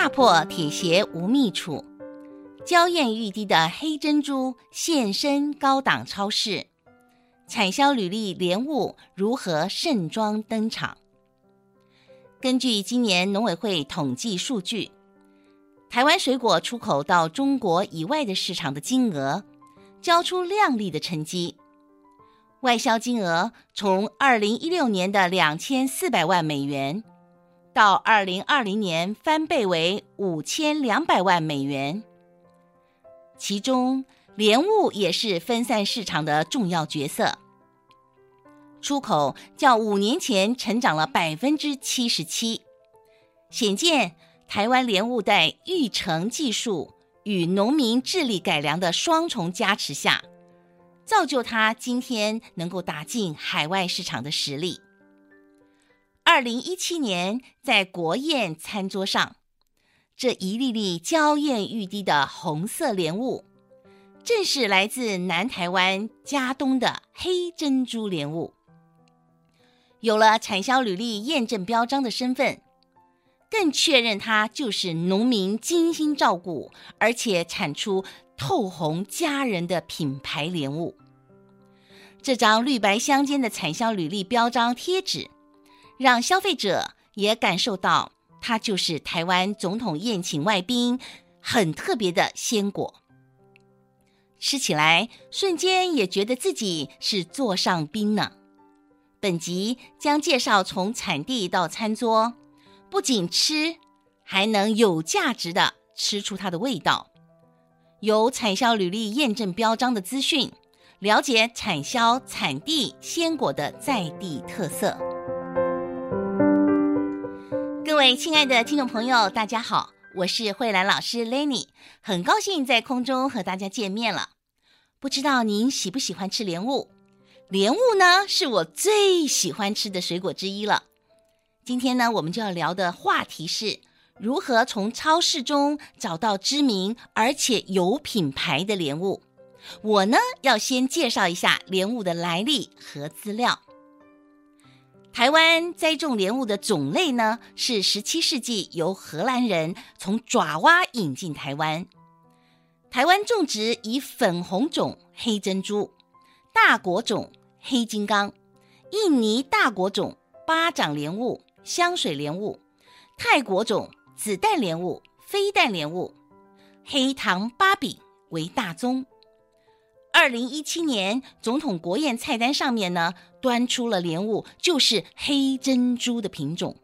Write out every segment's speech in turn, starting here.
踏破鐵鞋無覓處，嬌艷欲滴的黑珍珠現身高檔超市。產銷履歷蓮霧，如何盛裝登場？根據今年農委會統計數據，台灣水果出口到中國以外的市場的金額，交出亮麗的成績。外銷金額從2016年的2400萬美元。到二零二零年翻倍為五千兩百萬美元，其中蓮霧也是分散市場的重要角色。出口較五年前成長了百分之七十七，顯見台灣蓮霧在育成技術與農民智力改良的雙重加持下，造就它今天能夠打進海外市場的實力。二零一七年，在國宴餐桌上，這一粒粒嬌艷欲滴的紅色蓮霧，正是來自南台灣佳冬的黑珍珠蓮霧。有了產銷履歷驗證標章的身份，更確認它就是農民精心照顧，而且產出透紅佳人的品牌蓮霧。這張綠白相間的產銷履歷標章貼紙，讓消費者也感受到，它就是台灣總統宴請外賓很特別的鮮果，吃起來瞬間也覺得自己是座上賓呢。本集將介紹從產地到餐桌，不僅吃，還能有價值的吃出它的味道。有產銷履歷驗證標章的資訊，了解產銷產地鮮果的在地特色。各位親愛的聽眾朋友，大家好，我是慧蘭老師 Lenny，很高興在空中和大家見面了。不知道您喜不喜歡吃蓮霧？蓮霧呢是我最喜歡吃的水果之一了。今天呢，我們就要聊的話題是如何從超市中找到知名而且有品牌的蓮霧。我呢要先介紹一下蓮霧的來歷和資料。台灣栽種蓮霧的種類呢，是十七世紀由荷蘭人從爪哇引進台灣。台灣種植以粉紅種、黑珍珠、大果種、黑金剛、印尼大果種、巴掌蓮霧、香水蓮霧、泰國種、子彈蓮霧、飛彈蓮霧、黑糖芭比為大宗。二零一七年總統國宴菜單上面呢，端出了蓮霧，就是黑珍珠的品種。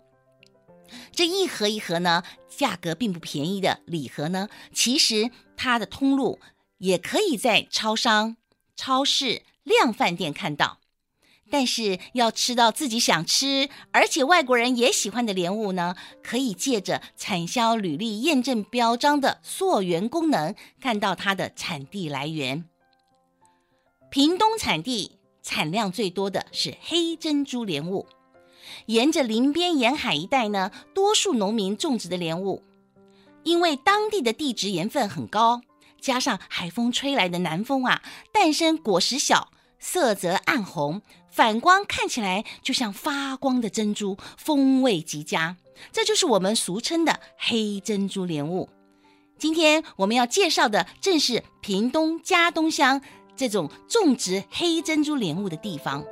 這一盒一盒呢，價格並不便宜的禮盒呢，其實它的通路也可以在超商、超市、量販店看到。但是要吃到自己想吃，而且外國人也喜歡的蓮霧呢，可以借着產銷履歷驗證標章的溯源功能，看到它的產地來源。屏東產地產量最多的是黑珍珠蓮霧，沿着林邊沿海一帶呢，多數農民種植的蓮霧，因為當地的地質鹽分很高，加上海風吹來的南風啊，誕生果實小，色澤暗紅，反光看起來就像發光的珍珠，風味極佳，這就是我們俗稱的黑珍珠蓮霧。今天我們要介紹的正是屏東佳冬鄉。這種種植黑珍珠蓮霧的地方，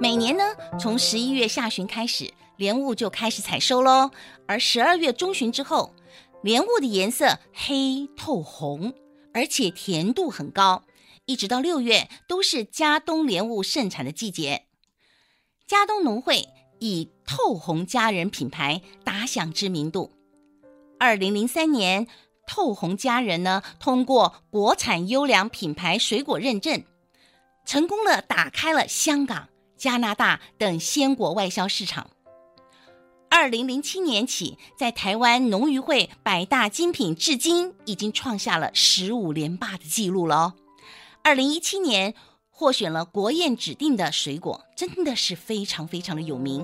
每年呢，從十一月下旬開始，蓮霧就開始採收嘍。而十二月中旬之後，蓮霧的顏色黑透紅，而且甜度很高，一直到六月都是佳冬蓮霧盛產的季節。佳冬農會以透紅佳人品牌打響知名度。二零零三年。透紅佳人呢，通過國產優良品牌水果認證，成功地打開了香港、加拿大等鮮果外銷市場。二零零七年起，在台灣農漁會百大精品，至今已經創下了十五連霸的記錄了哦。二零一七年獲選了國宴指定的水果，真的是非常非常的有名。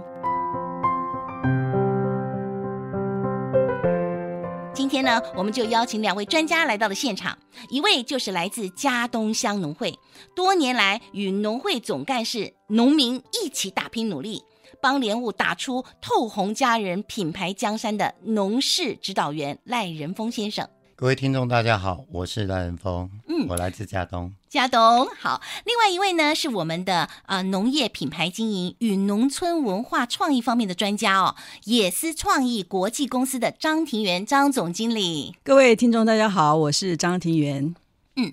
今天呢，我們就邀請兩位專家來到了現場，一位就是來自佳冬鄉農會，多年來與農會總幹事、農民一起打拼努力，幫蓮霧打出透紅佳人品牌江山的農事指導員賴仁豐先生。各位聽眾，大家好，我是賴仁豐，嗯，我來自佳冬，佳冬好。另外一位呢，是我們的啊、呃、農業品牌經營與農村文化創意方面的專家哦，野思創意國際公司的張婷媛張總經理。各位聽眾，大家好，我是張婷媛，嗯。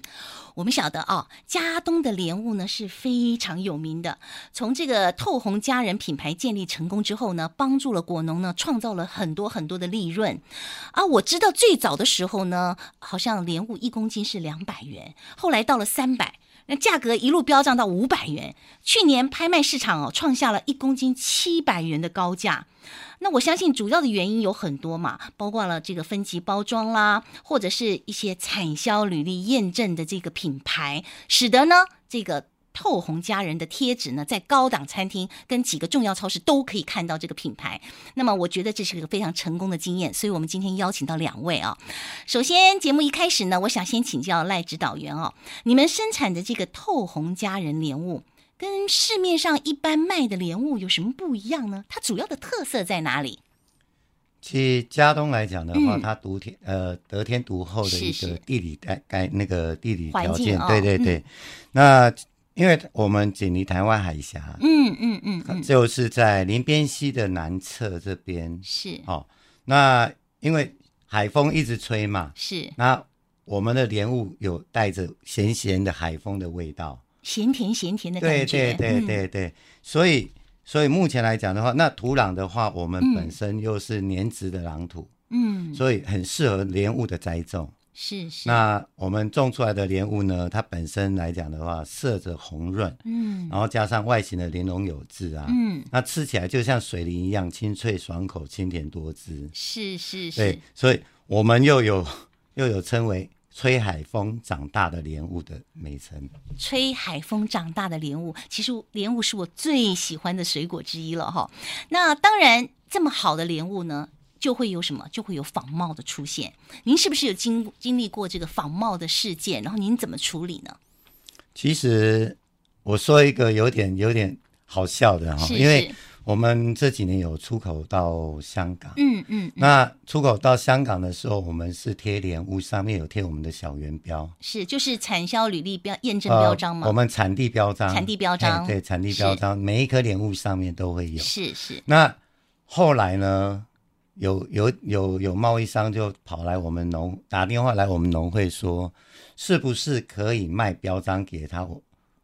我們曉得啊，佳冬的蓮霧呢是非常有名的。從這個透紅佳人品牌建立成功之後呢，幫助了果農呢創造了很多很多的利潤。啊，我知道最早的時候呢，好像蓮霧一公斤是兩百元，後來到了三百，那價格一路飆漲到五百元。去年拍賣市場哦，創下了一公斤七百元的高價。那我相信主要的原因有很多嘛，包括了這個分級包裝啦，或者是一些產銷履歷驗證的這個品牌，使得呢這個透紅佳人的貼紙呢在高檔餐廳跟幾個重要超市都可以看到這個品牌。那麼我覺得這是一個非常成功的經驗，所以我們今天邀請到兩位啊。首先節目一開始呢，我想先請教賴指導員哦、啊，你們生產的這個透紅佳人蓮霧。跟市面上一般賣的蓮霧有什麼不一樣呢？它主要的特色在哪裡？其實佳冬來講的話，嗯、它獨天呃得天獨厚的一個地理條概、呃、那個地理條件，哦、對對對、嗯。那因為我們緊鄰台灣海峽，嗯嗯嗯、呃，就是在林邊溪的南側這邊是哦。那因為海風一直吹嘛，是那我們的蓮霧有帶着鹹鹹的海風的味道。鹹甜鹹甜的感覺。對對對對對，嗯、所以所以目前來講的話，那土壤的話，我們本身又是黏質的壤土，嗯，所以很適合蓮霧的栽種。是是。那我們種出來的蓮霧呢，它本身來講的話，色澤紅潤，嗯，然後加上外形的玲瓏有致啊，嗯，那吃起來就像水梨一樣，清脆爽口，清甜多汁。是是是。對，所以我們又有又有稱為。吹海風長大的蓮霧的美稱，吹海風長大的蓮霧，其實蓮霧是我最喜歡的水果之一了哈。那當然，這麼好的蓮霧呢，就會有什麼？就會有仿冒的出現。您是不是有經經歷過這個仿冒的事件？然後您怎麼處理呢？其實，我說一個有點有點好笑的哈，因為。我們這幾年有出口到香港，嗯嗯，嗯，那出口到香港的時候，我們是貼蓮霧上面有貼我們的小圓標，是就是產銷履歷標驗證標章嘛、呃？我們產地標章，產地標章，對產地標章，每一顆蓮霧上面都會有。是是。那後來呢？有有有有貿易商就跑來我們農打電話來我們農會說，是不是可以賣標章給他？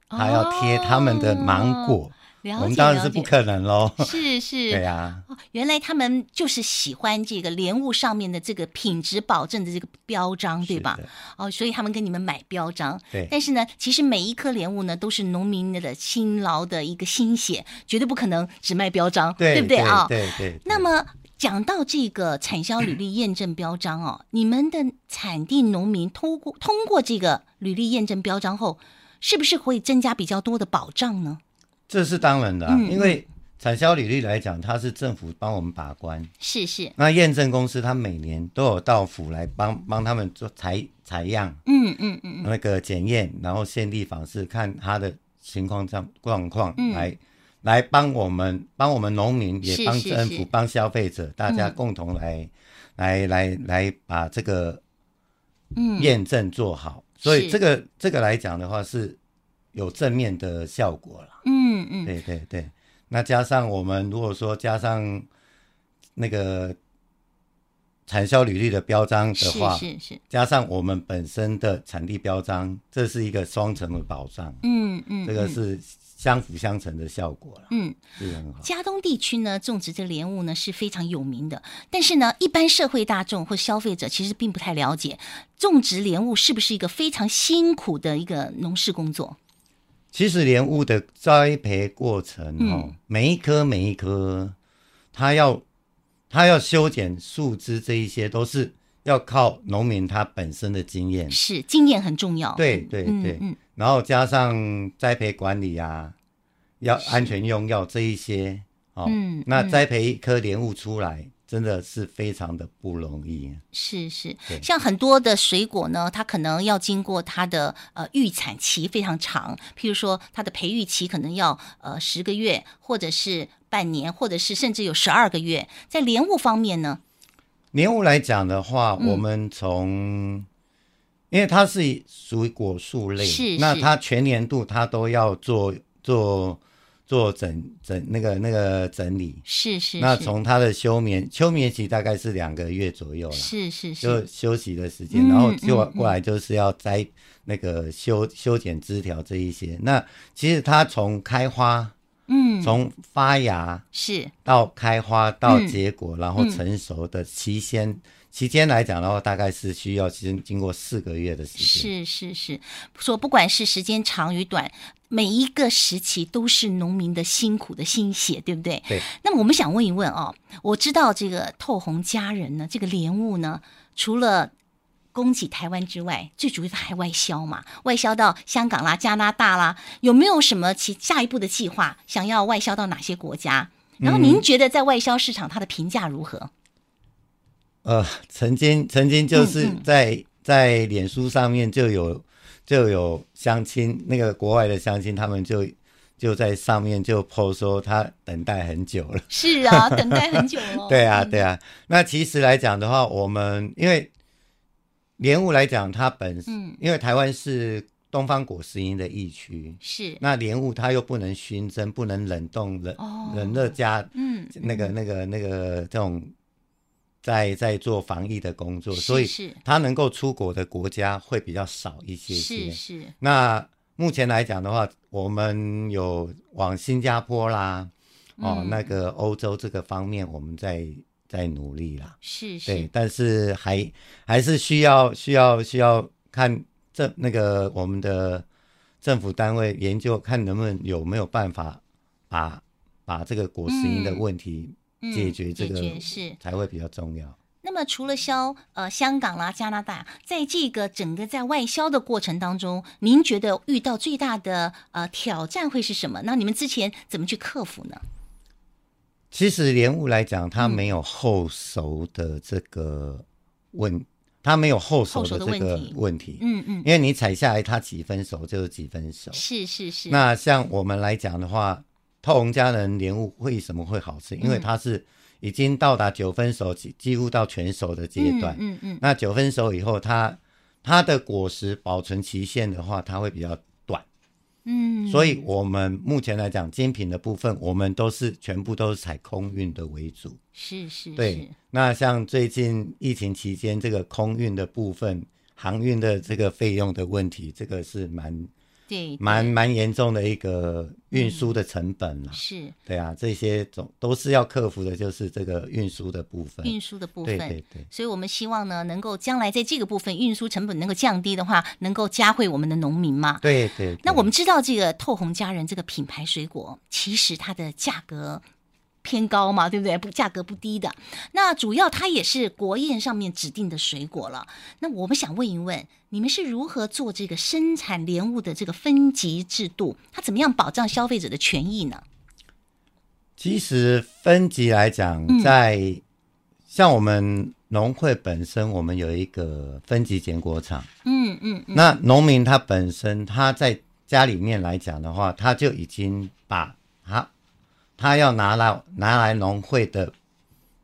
他要貼他們的芒果。哦。我們當然是不可能嘍！是是， 對呀。哦，原來他們就是喜歡這個蓮霧上面的這個品質保證的這個標章，對吧？哦，所以他們跟你們買標章。對。但是呢，其實每一顆蓮霧呢，都是農民的辛勞的一個心血，絕對不可能只賣標章， 對不對啊？對對，對，對，對。哦，那麼講到這個產銷履歷驗證標章哦，嗯，你們的產地農民通過通過這個履歷驗證標章後，是不是會增加比較多的保障呢？這是當然的，啊嗯，因為產銷履歷來講，它是政府幫我們把關。是是，那驗證公司它每年都有到府來幫幫他們做採採樣，嗯嗯嗯，那個檢驗，然後現地訪視，看他的情況狀狀況，來來幫我們幫我們農民，也幫政府幫消費者，大家共同來、嗯、來來來、來把這個驗證做好，嗯。所以這個這個來講的話是。有正面的效果了，嗯嗯，對對對。那加上我們如果說加上那個產銷履歷的標章的話，是，是是加上我們本身的產地標章，這是一個雙層的保障，嗯嗯，這個是相輔相成的效果了，嗯，這個很好。佳冬地區呢，種植這個蓮霧呢是非常有名的，但是呢，一般社會大眾或消費者其實並不太了解，種植蓮霧是不是一個非常辛苦的一個農事工作？其實蓮霧的栽培過程、哦、哈、嗯，每一顆每一顆它要它要修剪樹枝，這一些都是要靠農民他本身的經驗，是經驗很重要。對對對、嗯嗯，然後加上栽培管理啊，要安全用藥這一些，哦、嗯，那栽培一顆蓮霧出來。真的是非常的不容易啊。是是，像很多的水果呢，它可能要經過它的呃預產期非常長，譬如說它的培育期可能要呃十個月，或者是半年，或者是甚至有十二個月。在蓮霧方面呢，蓮霧來講的話，我們從，嗯，因為它是屬於果樹類，是，是，那它全年度它都要做做。做整整那個那個整理是，是是，那從它的休眠休眠期大概是兩個月左右了，是是是，就休息的時間、嗯，然後就過來就是要摘那個修修剪枝條這一些。那其實它從開花，嗯，從發芽是到開花到結果、嗯，然後成熟的期間期間來講的話，大概是需要經經過四個月的時間，是是是。說不管是時間長與短。每一個時期都是農民的辛苦的心血，對不對？對。那麼我們想問一問哦，我知道這個透紅佳人呢，這個蓮霧呢，除了供給台灣之外，最主要它還外銷嘛，外銷到香港啦、加拿大啦，有沒有什麼其下一步的計劃，想要外銷到哪些國家？嗯，然後您覺得在外銷市場它的評價如何？呃，曾經曾經就是在、嗯嗯、在，在臉書上面就有。就有鄉親，那個國外的鄉親，他們就就在上面就 post 說他等待很久了。是啊，等待很久。哦。 對啊，對啊。那其實來講的話，我們因為蓮霧來講，它本、嗯、因為台灣是東方果實蠅的疫區，是。那蓮霧它又不能熏蒸，不能冷凍，冷冷熱加、哦，嗯，那個那個那個這種。在在做防疫的工作，所以他能夠出國的國家會比較少一些些。是是。那目前來講的話，我們有往新加坡啦，嗯、哦，那個歐洲這個方面，我們在在努力啦。是是。對，但是還還是需要需要需要看政那個我們的政府單位研究，看能不能有沒有辦法把把這個果實蠅的問題、嗯。解決這個才會比較重要。嗯、那麼除了銷呃香港啦、加拿大，在這個整個在外銷的過程當中，您覺得遇到最大的呃挑戰會是什麼？那你們之前怎麼去克服呢？其實蓮霧來講，它沒有後熟的這個問、嗯、它沒有後熟的這個問題。嗯嗯，因為你採下來，它幾分熟就是幾分熟。是是是。那像我們來講的話。透紅佳人蓮霧為什麼會好吃？因為它是已經到達九分熟，幾幾乎到全熟的階段。嗯嗯，嗯。那九分熟以後，它它的果實保存期限的話，它會比較短。嗯。所以我們目前來講，精品的部分，我們都是全部都是採空運的為主。是是。對是。那像最近疫情期間，這個空運的部分、航運的這個費用的問題，這個是蠻。蠻蠻嚴重的一個運輸的成本了，啊嗯，是，對啊，這些總都是要克服的，就是這個運輸的部分，運輸的部分，對對對，所以我們希望呢，能夠將來在這個部分運輸成本能夠降低的話，能夠加惠我們的農民嘛，對對，對對，那我們知道這個透紅佳人這個品牌水果，其實它的價格。偏高嘛，對不對？不，價格不低的。那主要它也是國宴上面指定的水果了。那我們想問一問，你們是如何做這個生產蓮霧的這個分級制度？它怎麼樣保障消費者的權益呢？其實分級來講，嗯、在像我們農會本身，我們有一個分級揀果場。嗯嗯，嗯，那農民他本身他在家裡面來講的話，他就已經把它他要拿來拿來農會的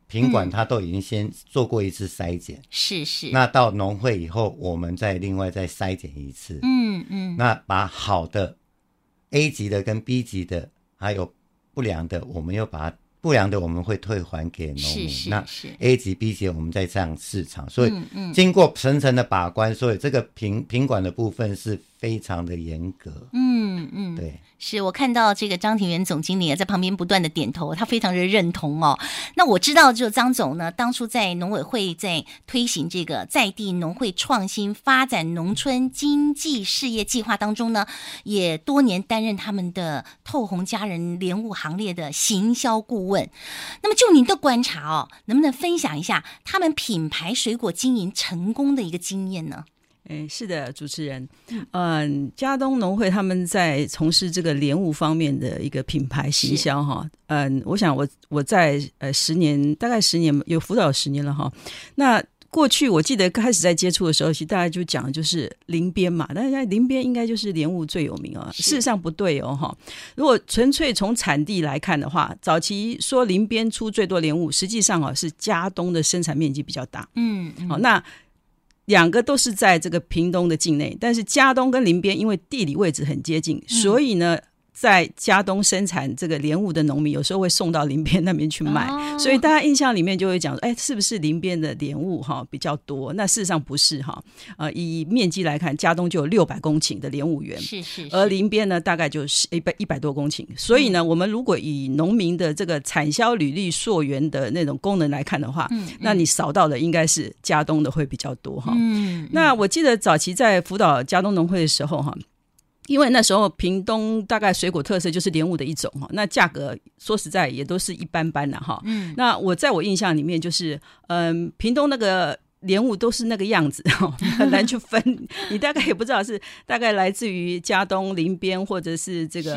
品管，嗯，他都已經先做過一次篩檢，是是。那到農會以後，我們再另外再篩檢一次，嗯嗯。那把好的 A 級的跟 B 級的，還有不良的，我們又把不良的我們會退還給農民。是是是。那 A 級 B 級我們再上市場，所以，嗯嗯，經過層層的把關，所以這個品品管的部分是非常的嚴格，嗯嗯，對。是我看到這個張婷媛總經理啊，在旁邊不斷的點頭，他非常的認同哦。那我知道，就張總呢，當初在農委會在推行這個在地農會創新發展農村經濟事業計劃當中呢，也多年擔任他們的透紅佳人蓮霧行列的行銷顧問。那麼，就您的觀察哦，能不能分享一下他們品牌水果經營成功的一個經驗呢？哎，是的，主持人，嗯，佳冬農會他們在從事這個蓮霧方面的一個品牌行銷哈，嗯，我想我我在呃十年，大概十年有輔導十年了哈。那過去我記得開始在接觸的時候，其實大家就講的就是林邊嘛，但是在林邊應該就是蓮霧最有名啊、哦，事實上不對哦哈。如果純粹從產地來看的話，早期說林邊出最多蓮霧，實際上啊是佳冬的生產面積比較大，嗯,嗯，好那。兩個都是在這個屏東的境內，但是佳冬跟林邊，因為地理位置很接近，嗯、所以呢。在佳冬生產這個蓮霧的農民，有時候會送到林邊那邊去賣、哦，所以大家印象裡面就會講，哎，是不是林邊的蓮霧哈比較多？那事實上不是哈，呃，以面積來看，佳冬就有六百公頃的蓮霧園，是，是是，而林邊呢，大概就是一百一百多公頃。是是所以呢、嗯，我們如果以農民的這個產銷履歷溯源的那種功能來看的話，嗯嗯那你掃到的應該是佳冬的會比較多哈、嗯嗯。嗯，那我記得早期在輔導佳冬農會的時候哈。因為那時候屏東大概水果特色就是蓮霧的一種哈，那價格說實在也都是一般般的、啊、哈。嗯，那我在我印象裡面就是，嗯，屏東那個。蓮霧都是那個樣子，很難去分。 你大概也不知道是大概來自於佳冬、林邊或者是這個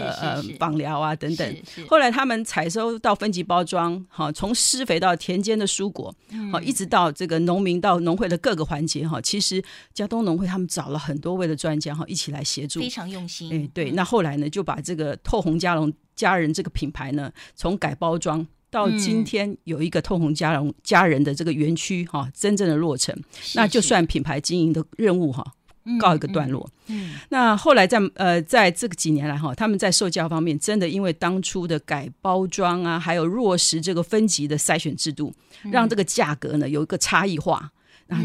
枋寮、呃、啊等等。是是是後來他們採收到分級包裝，哈，從施肥到田間的蔬果，好、嗯，一直到這個農民到農會的各個環節，哈，其實佳冬農會他們找了很多位的專家，哈，一起來協助，非常用心、欸。哎，對。那後來呢，就把這個透紅加隆佳人這個品牌呢，從改包裝。到今天有一個透紅佳人佳人的這個園區哈、哦，真正的落成，是是，那就算品牌經營的任務哈、哦、告一個段落。嗯嗯嗯、那後來在呃，在這幾年來哈、哦，他們在售價方面真的因為當初的改包裝啊，還有落實這個分級的篩選制度，嗯、讓這個價格呢有一個差異化。啊、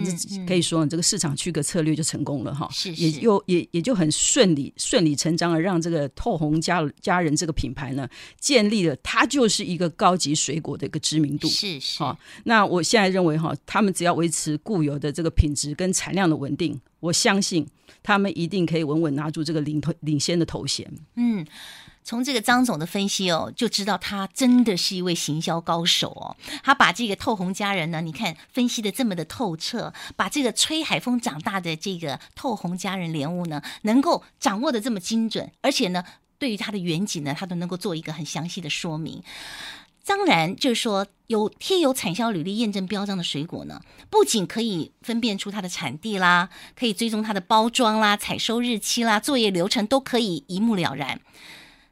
可以說，這個市場區隔策略就成功了哈，也又也也就很順理順理成章的讓這個透紅佳,佳人這個品牌呢建立了它就是一個高級水果的一個知名度。是是、啊。好，那我現在認為哈，他們只要維持固有的這個品質跟產量的穩定。我相信他們一定可以穩穩拿住這個領頭領先的頭銜。嗯，從這個張總的分析哦，就知道他真的是一位行銷高手哦。他把這個透紅佳人呢，你看分析得這麼的透徹，把這個吹海風長大的這個透紅佳人蓮霧呢，能夠掌握得這麼精準，而且呢，對於他的遠景呢，他都能夠做一個很詳細的說明。當然，就是說有貼有產銷履歷驗證標章的水果呢，不僅可以分辨出它的產地啦，可以追蹤它的包裝啦、採收日期啦、作業流程都可以一目了然。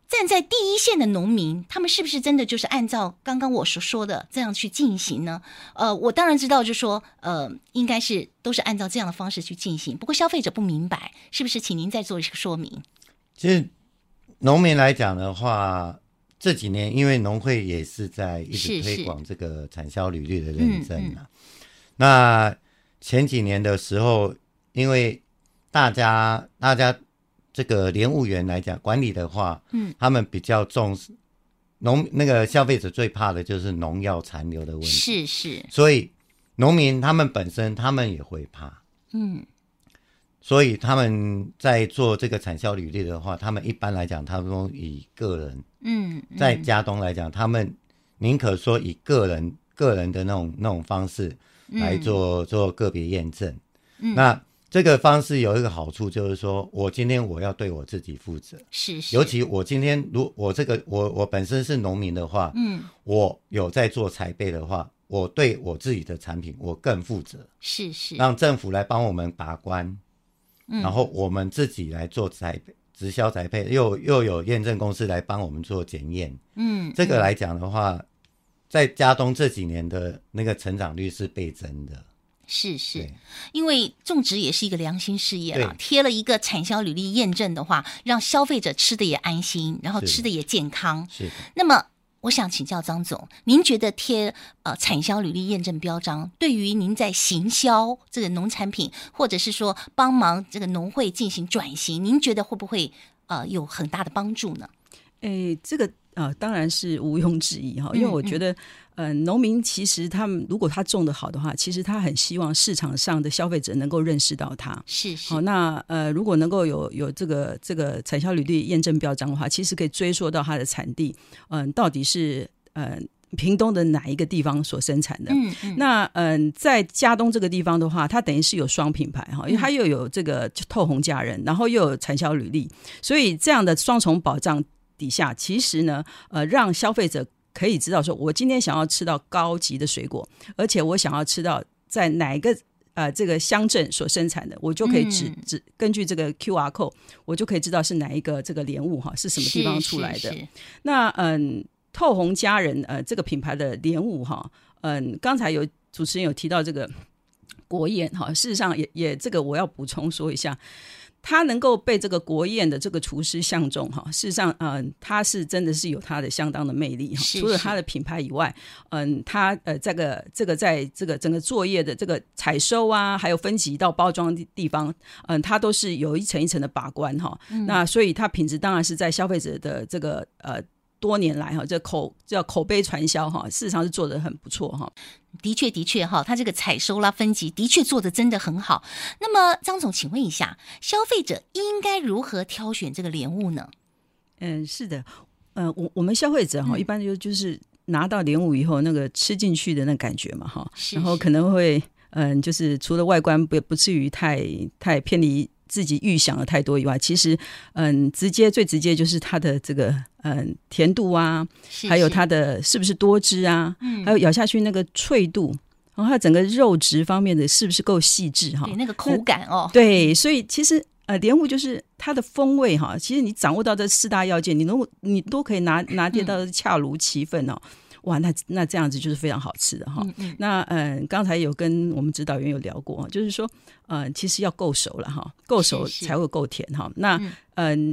站在第一線的農民，他們是不是真的就是按照剛剛我所說的這樣去進行呢？呃，我當然知道就是，就說呃，應該是都是按照這樣的方式去進行。不過消費者不明白，是不是？請您再做一個說明。其實，農民來講的話。這幾年，因為農會也是在一直推廣這個產銷履歷的認證啊，是是、嗯嗯。那前幾年的時候，因為大家大家這個蓮霧園來講管理的話，嗯，他們比較重視農那個消費者最怕的就是農藥殘留的問題，是是。所以農民他們本身他們也會怕，嗯。所以他們在做這個產銷履歷的話，他們一般來講，他們都以個人。嗯，嗯，在佳冬來講，他們寧可說以個人、個人的那種、那種方式來做、嗯、做個別驗證、嗯。那這個方式有一個好處，就是說我今天我要對我自己負責。是是。尤其我今天如我這個我我本身是農民的話，嗯，我有在做栽培的話，我對我自己的產品我更負責。是是。讓政府來幫我們把關、嗯，然後我們自己來做栽培。直銷才配，又又有驗證公司來幫我們做檢驗。嗯，這個來講的話，在佳冬這幾年的那個成長率是倍增的。是是，因為種植也是一個良心事業啊。貼了一個產銷履歷驗證的話，讓消費者吃的也安心，然後吃的也健康。是，是。那麼。我想請教張總，您覺得貼呃產銷履歷驗證標章，對於您在行銷這個農產品，或者是說幫忙這個農會進行轉型，您覺得會不會呃有很大的幫助呢？誒、欸，這個。啊、呃，當然是毋庸置疑哈，因為我覺得，嗯、嗯、呃，農民其實他們如果他種得好的話，其實他很希望市場上的消費者能夠認識到他。是，好、哦，那呃，如果能夠有有這個這個產銷履歷驗證標章的話，其實可以追溯到它的產地，嗯、呃，到底是嗯、呃，屏東的哪一個地方所生產的？嗯，那嗯，那呃、在佳冬這個地方的話，它等於是有雙品牌哈，因為它又有這個透紅佳人，然後又有產銷履歷，所以這樣的雙重保障。底下其實呢，呃，讓消費者可以知道說，說我今天想要吃到高級的水果，而且我想要吃到在哪一個呃這個鄉鎮所生產的，我就可以只只根據這個 QR code，我就可以知道是哪一個這個蓮霧哈是什麼地方出來的。那嗯，透紅佳人呃這個品牌的蓮霧哈，嗯，剛才有主持人有提到這個國宴哈，事實上也也這個我要補充說一下。他能夠被這個國宴的這個廚師相中，哈，事實上，嗯，他是真的是有他的相當的魅力，哈。除了他的品牌以外，嗯，他呃，這個這個在這個整個作業的這個採收啊，還有分級到包裝的地方，嗯，他都是有一層一層的把關，哈、嗯。那所以他品質當然是在消費者的這個呃。多年來哈，這口叫口碑傳銷哈，事實上是做的很不錯哈。的確的確哈，他這個採收啦，分級的確做的真的很好。那麼張總，請問一下，消費者應該如何挑選這個蓮霧呢？嗯，是的，嗯、呃，我我們消費者哈，一般就就是拿到蓮霧以後、嗯，那個吃進去的那感覺嘛哈，然後可能會嗯、呃，就是除了外觀不不至於太太偏離，自己預想了太多以外，其實，嗯，直接最直接就是它的這個嗯甜度啊，還有它的是不是多汁啊，是是還有咬下去那個脆度，嗯，然後它整個肉質方面的是不是夠細致哈，啊，那個口感哦，對，所以其實呃蓮霧就是它的風味哈，啊，其實你掌握到這四大要件，你能你都可以拿拿捏到的恰如其分哦，啊。嗯哇，那那這樣子就是非常好吃的哈、嗯嗯。那嗯，剛才有跟我們指導員有聊過，就是說，嗯，其實要夠熟了哈，夠熟才會夠甜哈。那嗯，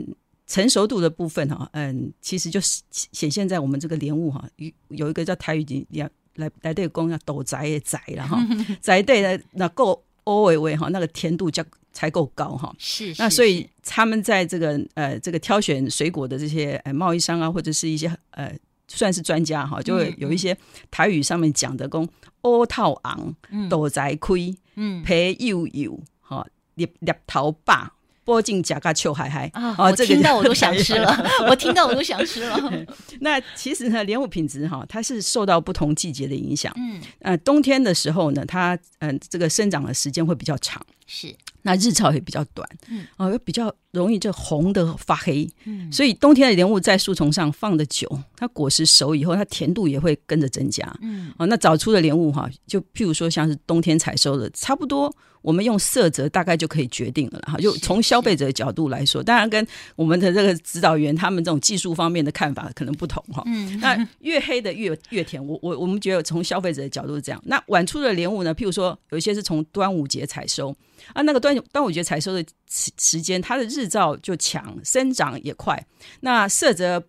嗯，成熟度的部分哈，嗯，其實就是顯現在我們這個蓮霧哈，有有一個叫台語講來來對公，叫斗宅也宅了哈，宅 對的那夠 o 維維哈，那個甜度才才夠高哈。是，是，是。那所以他們在這個呃這個挑選水果的這些呃貿易商啊，或者是一些呃。算是專家哈，就會有一些台語上面講的工，阿套昂斗在虧，嗯，陪又有哈，你你淘霸波進假噶秋海海啊、哦，我聽到我都想吃了， 我聽到我都想吃了。 那其實呢，蓮霧品質哈、哦，它是受到不同季節的影響，嗯、呃，冬天的時候呢，它嗯、呃，這個生長的時間會比較長。是，那日照也比較短，嗯，又、哦、比較容易就紅的發黑，嗯，所以冬天的蓮霧在樹叢上放的久，它果實熟以後，它甜度也會跟着增加，嗯，啊、哦，那早出的蓮霧哈，就譬如說像是冬天採收的，差不多我們用色澤大概就可以決定了了哈。就從消費者的角度來說，當然跟我們的這個指導員他們這種技術方面的看法可能不同哈、哦，嗯，那越黑的越越甜，我我我們覺得從消費者的角度是這樣。那晚出的蓮霧呢，譬如說有一些是從端午節採收。啊，那個端午，端午節採收的時時間，它的日照就強，生長也快，那色澤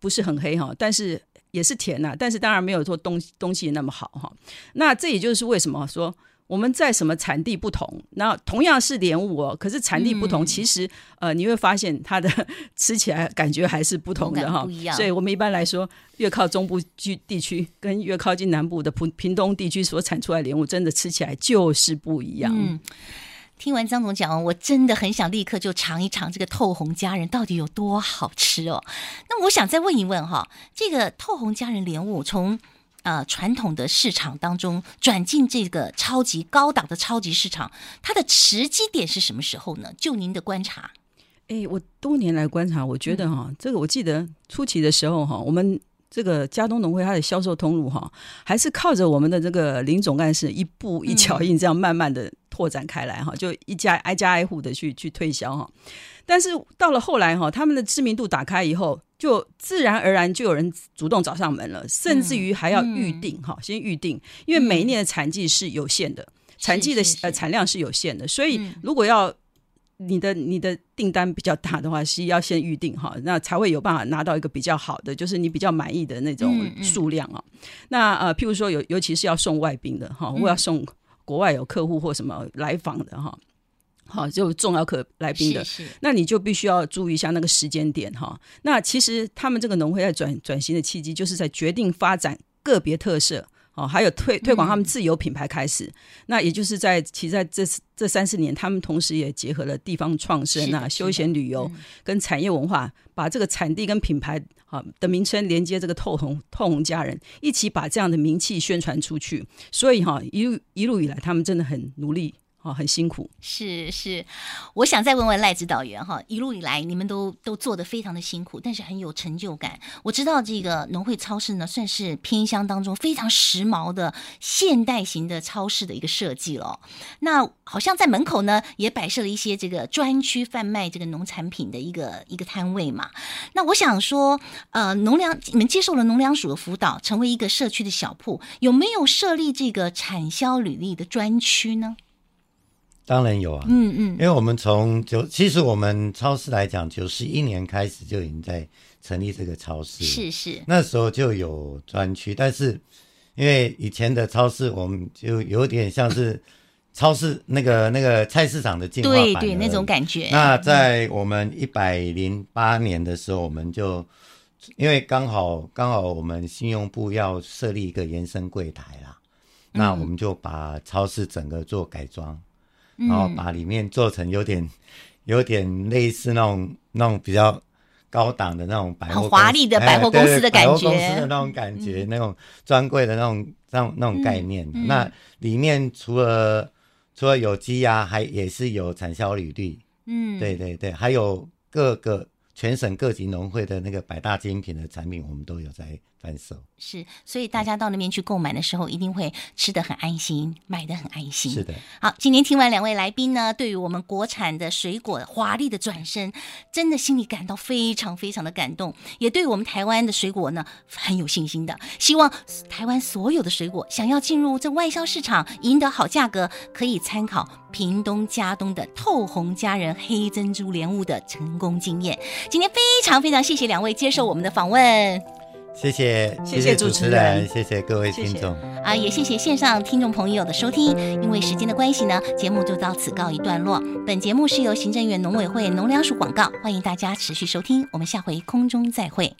不是很黑哈，但是也是甜吶、啊，但是當然沒有做東東西那麼好哈。那這也就是為什麼說我們在什麼產地不同，那同樣是蓮霧、哦，可是產地不同，嗯、其實呃你會發現它的吃起來感覺還是不同的哈。所以我們一般來說，越靠中部地區跟越靠近南部的屏屏東地區所產出來的蓮霧，真的吃起來就是不一樣。嗯。聽完張總講，我真的很想立刻就嘗一嘗這個透紅佳人到底有多好吃哦。那我想再問一問哈，這個透紅佳人蓮霧從呃傳統的市場當中轉進這個超級高檔的超級市場，它的時機點是什麼時候呢？就您的觀察？哎，我多年來觀察，我覺得哈、嗯，這個我記得初期的時候哈，我們。這個佳冬農會它的銷售通路哈，還是靠着我們的這個林總幹事一步一腳印這樣慢慢的拓展開來哈，就一家挨家挨戶的去去推銷哈，但是到了後來哈，他們的知名度打開以後，就自然而然就有人主動找上門了，甚至於還要預定哈，先預定，因為每一年的產季是有限的，產季的呃產量是有限的，所以如果要你的你的訂單比較大的話，是要先預定哈，那才會有辦法拿到一個比較好的，就是你比較滿意的那種數量啊、嗯嗯。那呃，譬如說有，尤其是要送外賓的哈，我要送國外有客戶或什麼來訪的哈，好、嗯哦，就重要客來賓的是是，那你就必須要注意一下那個時間點哈。那其實他們這個農會在轉轉型的契機，就是在決定發展個別特色。哦，還有推推廣他們自有品牌開始、嗯，那也就是在其實在這這三四年，他們同時也結合了地方創生啊、休閒旅遊跟，、嗯、跟產業文化，把這個產地跟品牌哈的名稱連接，這個透紅透紅家人一起把這樣的名氣宣傳出去，所以哈、哦、一路一路以來他、嗯，他們真的很努力。哦，很辛苦。是是，我想再問問賴指導員哈，一路以來你們都都做得非常的辛苦，但是很有成就感。我知道這個農會超市呢，算是偏鄉當中非常時髦的現代型的超市的一個設計咯。那好像在門口呢，也擺設了一些這個專區販賣這個農產品的一個一個攤位嘛。那我想說，呃，農糧你們接受了農糧署的輔導，成為一個社區的小鋪，有沒有設立這個產銷履歷的專區呢？當然有啊，嗯嗯，因為我們從九，其實我們超市來講，九十一年開始就已經在成立這個超市，是是，那時候就有專區，但是因為以前的超市，我們就有點像是超市那個、嗯、那個菜市場的進化版對對，那種感覺。那在我們一百零八年的時候，我們就、嗯、因為剛好剛好我們信用部要設立一個延伸櫃台啦、嗯，那我們就把超市整個做改裝。然後把裡面做成有點，有點類似那種那種比較高檔的那種百貨，很華麗的百貨公司，哎，百貨公司的感覺，那種感覺、嗯，那種專櫃的那種那種那種概念，嗯嗯。那裡面除了除了有機呀，還也是有產銷履歷，嗯，對對對，還有各個。全省各級農會的那個百大精品的產品，我們都有在販售。是，所以大家到那邊去購買的時候，一定會吃得很安心，買得很安心。是的。好，今天聽完兩位來賓呢，對於我們國產的水果華麗的轉身，真的心裡感到非常非常的感動，也對我們台灣的水果呢很有信心的。希望台灣所有的水果想要進入這外銷市場，贏得好價格，可以參考屏東佳冬的透紅佳人黑珍珠蓮霧的成功經驗。今天非常非常謝謝兩位接受我們的訪問，謝謝謝謝主持人，謝謝各位聽眾啊，也謝謝線上聽眾朋友的收聽。因為時間的關係呢，節目就到此告一段落。本節目是由行政院農委會農糧署廣告，歡迎大家持續收聽，我們下回空中再會。